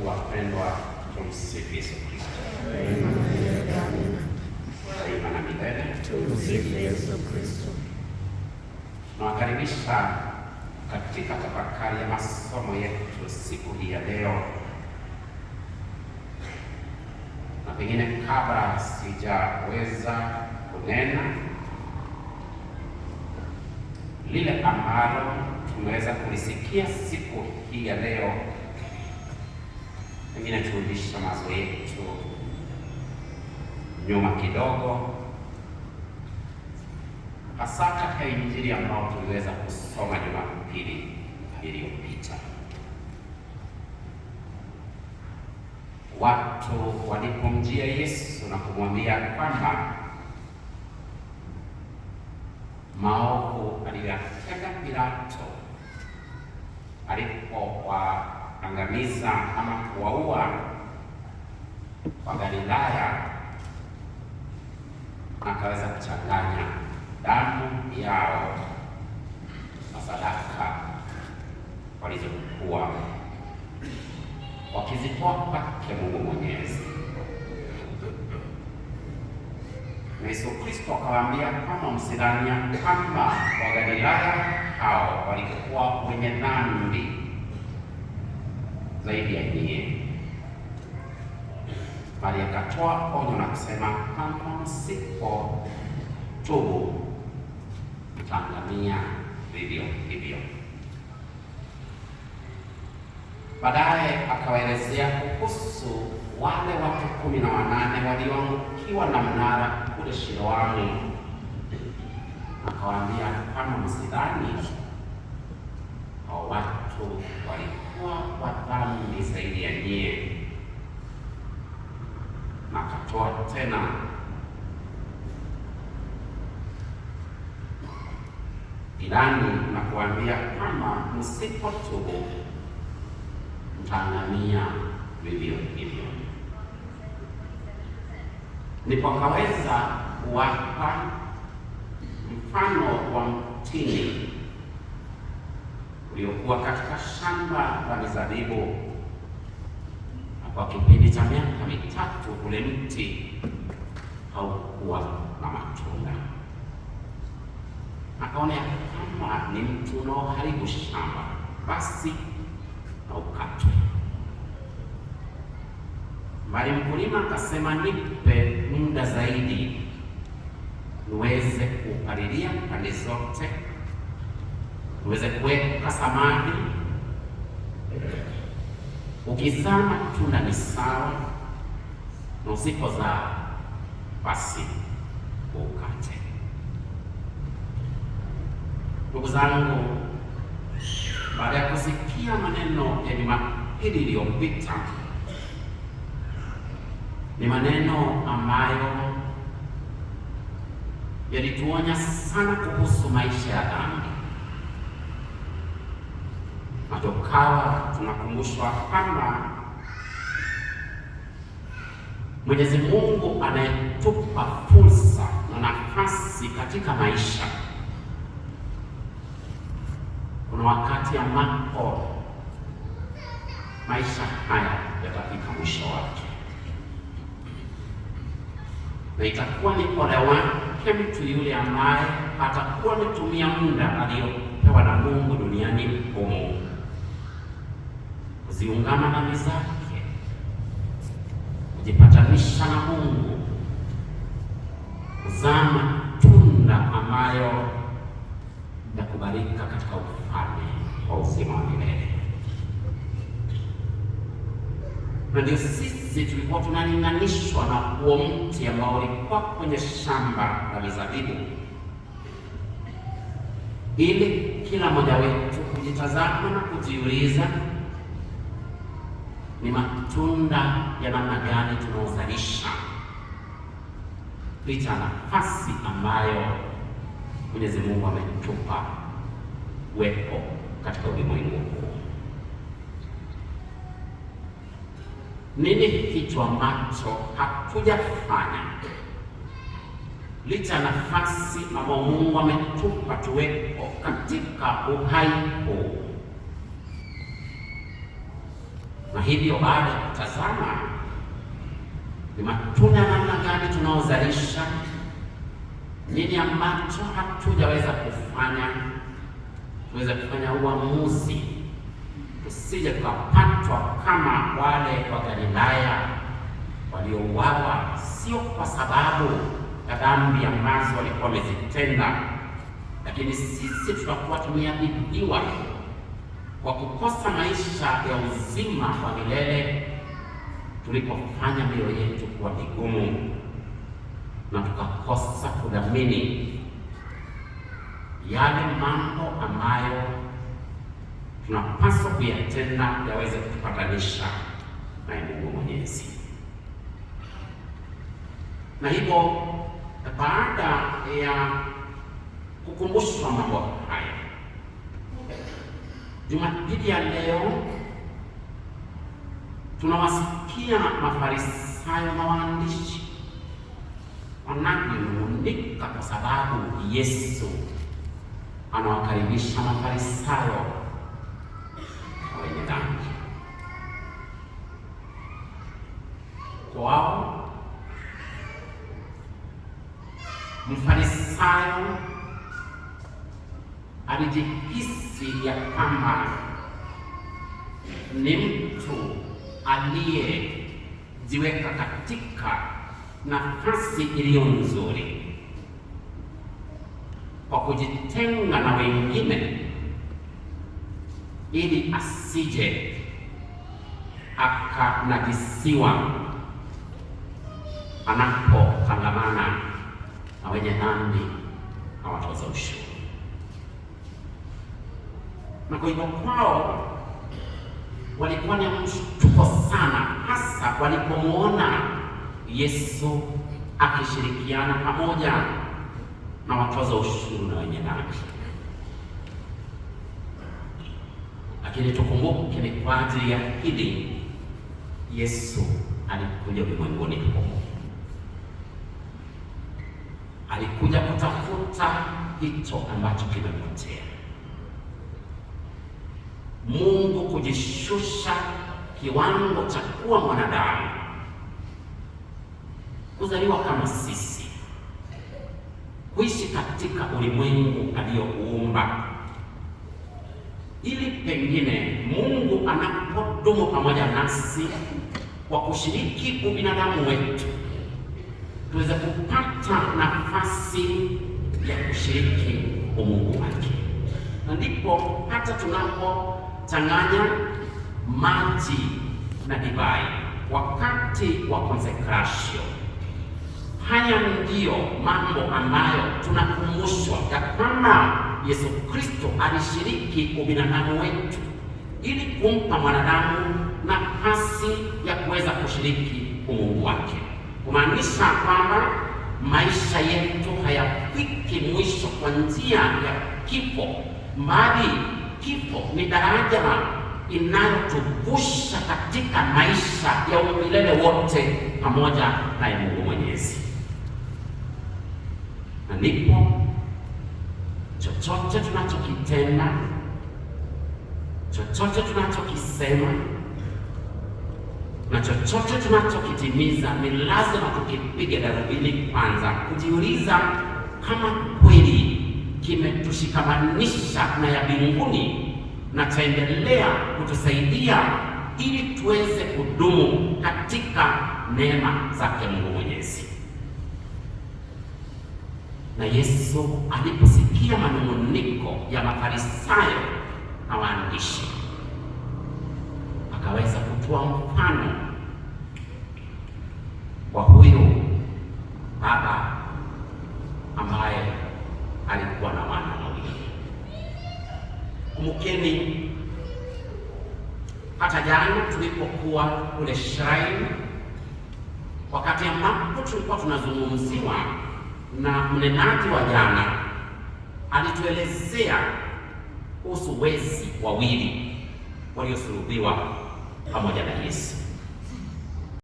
Wapendwa, tumsifu Yesu Kristo. Daima na milele tumsifu Yesu Kristo. Nawakaribisha katika tafakari ya masomo yetu siku hii ya leo, na pengine kabla sijaweza kunena lile ambalo tumeweza kulisikia siku hii ya leo mimi kwa mazo yetu nyuma kidogo, hasa katika Injili ambayo tuliweza kusoma Jumapili iliyopita. Watu walipomjia Yesu na kumwambia kwamba maovu aliyotenda Pilato kuangamiza ama kuwaua Wagalilaya, akaweza kuchanganya damu yao na sadaka walizokuwa wakizitoa kwake Mungu Mwenyezi. Yesu Kristo akawaambia kama msidhania kwamba Wagalilaya hao walikuwa wenye dhambi zaidi ya dini bali akatoa onyo na kusema, kama msipo tubu mtangamia vivyo hivyo. Baadaye akawaelezea kuhusu wale watu kumi na wanane walioangukiwa na mnara kule Shiloamu, akawaambia kama msidhani watu watu walikuwa wadhambi zaidi ya nyie, na akatoa tena ilani na kuambia kama msipotubu mtaangamia vivyo hivyo. Nipokaweza kuwapa mfano wa mtini uliokuwa katika shamba la mizabibu, na kwa kipindi cha miaka mitatu ule mti haukuwa na matunda. Akaona ya kwamba ni mtu unaoharibu shamba, basi na ukatwe mbali. Mkulima akasema, nipe muda zaidi niweze kuupalilia pande zote uweze kuweka samadi. Ukizama tunda ni sawa na za basi ukate. Ndugu zangu, baada ya kusikia maneno ya Jumapili iliyopita, ni maneno ambayo yalituonya sana kuhusu maisha ya dhambi na tukawa tunakumbushwa kwamba Mwenyezi Mungu anayetupa fursa na nafasi katika maisha, kuna wakati ambapo maisha haya yatafika mwisho wake na itakuwa ni ole wake mtu yule ambaye atakuwa ametumia muda aliyopewa na Mungu duniani humu kuziungama dhambi zake, kujipatanisha na Mungu, kuzaa matunda ambayo itakubalika katika ufalme wa uzima wa milele. Na ndio sisi tulikuwa tunalinganishwa na huo mti ambao ulikuwa kwenye shamba la mizabibu, ili kila mmoja wetu kujitazama na kujiuliza ni matunda ya namna gani tunaozalisha licha nafasi ambayo Mwenyezi Mungu ametupa wepo katika ulimwengu huu. Nini kitu ambacho hatujafanya licha ya nafasi ambayo Mungu ametupa tuwepo katika uhai huu? Na hivyo baada ya kutazama ni matunda namna gani tunaozalisha, nini ambacho hatujaweza kufanya, tuweze kufanya uamuzi tusije tukapatwa kama wale wa Galilaya waliouawa, sio kwa sababu ya dhambi ambazo walikuwa wamezitenda, lakini sisi tutakuwa tumeadhibiwa kwa kukosa maisha ya uzima wa milele tulipofanya mioyo yetu kuwa migumu na tukakosa kudhamini yale mambo ambayo tunapaswa kuyatenda yaweze kutupatanisha na Mungu Mwenyezi. Na hivyo baada ya kukumbushwa mambo haya Jumapili ya leo tunawasikia Mafarisayo na waandishi wananung'unika kwa sababu Yesu anawakaribisha Mafarisayo na wenye dhambi. Kwao Mfarisayo alijihisi ya kwamba ni mtu aliyejiweka katika nafasi iliyo nzuri kwa kujitenga na wengine ili asije akanajisiwa anapotangamana na wenye dhambi na watoza ushuru na hivyo kwao walikuwa ni mshtuko sana, hasa walipomwona Yesu akishirikiana pamoja na watoza ushuru na wenye dhambi. Lakini tukumbuke ni kwa ajili ya hili Yesu alikuja ulimwenguni humo, alikuja kutafuta hicho ambacho kimepotea. Mungu kujishusha kiwango cha kuwa mwanadamu, kuzaliwa kama sisi, kuishi katika ulimwengu aliyoumba, ili pengine Mungu anapodumu pamoja nasi kwa kushiriki ubinadamu wetu tuweze kupata nafasi ya kushiriki umungu wake na ndipo hata tunapochanganya maji na divai wakati wa konsekrasio. Haya ndiyo mambo ambayo tunakumbushwa ya kwamba Yesu Kristo alishiriki ubinadamu wetu ili kumpa mwanadamu nafasi ya kuweza kushiriki umungu wake, kumaanisha kwamba maisha yetu hayafiki mwisho kwa njia ya kifo mbali kifo ni daraja inayotuvusha katika maisha ya umilele wote pamoja na Mungu Mwenyezi. Na ndipo chochote tunachokitenda, chochote tunachokisema na chochote tunachokitimiza ni lazima tukipiga darubini kwanza, kujiuliza kama imetushikamanisha na ya mbinguni na taendelea kutusaidia ili tuweze kudumu katika neema zake Mungu Mwenyezi. Na Yesu aliposikia manunguniko ya Mafarisayo jana tulipokuwa kule shrine, wakati ambapo tulikuwa tunazungumziwa na mnenaji wa jana, alituelezea kuhusu wezi wawili waliosulubiwa pamoja na Yesu.